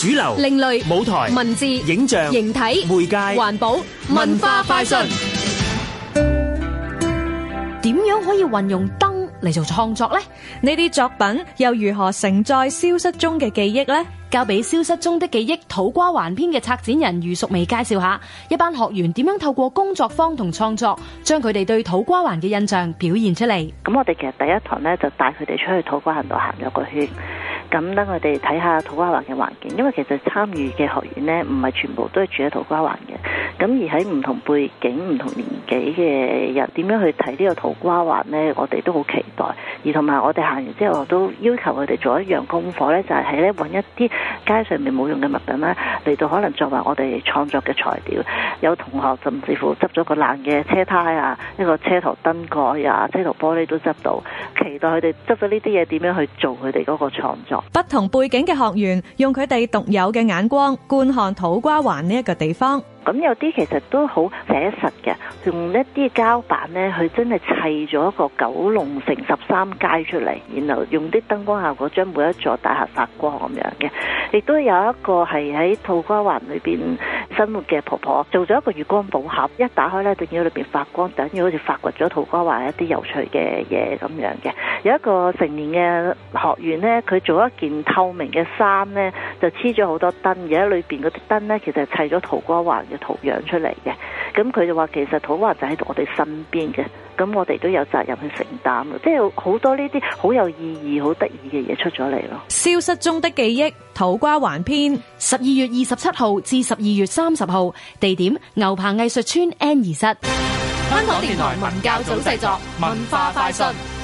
主流、另類舞台、文字、影像、形體、媒介、環保、文化、快訊，點樣可以運用燈嚟做創作呢？呢啲作品又如何承載消失中嘅記憶呢？交俾消失中的記憶，的記憶土瓜灣篇嘅策展人余淑美介紹下，一班學員點樣透過工作坊同創作，將佢哋對土瓜灣嘅印象表現出嚟。咁我哋其實第一堂咧就帶佢哋出去土瓜灣度行咗個圈。咁等我哋睇下土瓜灣嘅環境，因為其實參與嘅學員呢，唔係全部都係住喺土瓜灣。咁而喺唔同背景、唔同年紀嘅人點樣去睇呢個土瓜灣呢？我哋都好期待。而同埋我哋行完之後，我都要求佢哋做一樣功課呢，就係咧，揾一啲街上面冇用嘅物品呢，嚟到，可能作為我哋創作嘅材料。有同學甚至乎執咗個爛嘅車胎啊，一個車頭燈蓋啊，車頭玻璃都執到。期待佢哋執咗呢啲嘢，點樣去做佢哋嗰個創作。不同背景嘅學員用佢哋獨有嘅眼光觀看土瓜灣呢一個地方。咁有啲其實都好寫實嘅，用一啲膠板咧，佢真係砌咗一個九龍城十三街出嚟，然後用啲燈光效果將每一座大廈發光咁樣嘅，亦都有一個係喺土瓜灣裏邊生活嘅婆婆做咗一個月光寶盒，一打開咧就見到裏邊發光，等於好似發掘咗土瓜灣一啲有趣嘅嘢咁樣嘅。有一個成年嘅學員咧，佢做一件透明嘅衫咧，就黐咗好多燈，而喺裏邊嗰啲燈咧其實係砌咗土瓜灣嘅圖樣出嚟嘅。咁佢就話其實土瓜灣就喺我哋身邊嘅。咁我哋都有責任去承擔，即係好多呢啲好有意義、好得意嘅嘢出咗嚟咯。消失中的記憶，土瓜灣篇，十二月二十七號至十二月三十號，地點牛棚藝術村 N 二室。香港電台文教組製作，文化快訊。